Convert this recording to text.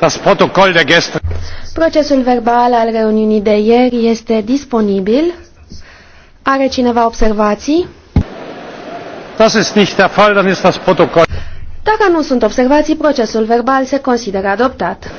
Das Protokoll der gestern. Procesul verbal al reuniunii de ieri este disponibil. Are cineva observații? Das ist nicht der Fall, dann ist das Protokoll. Dacă nu sunt observații, procesul verbal se consideră adoptat.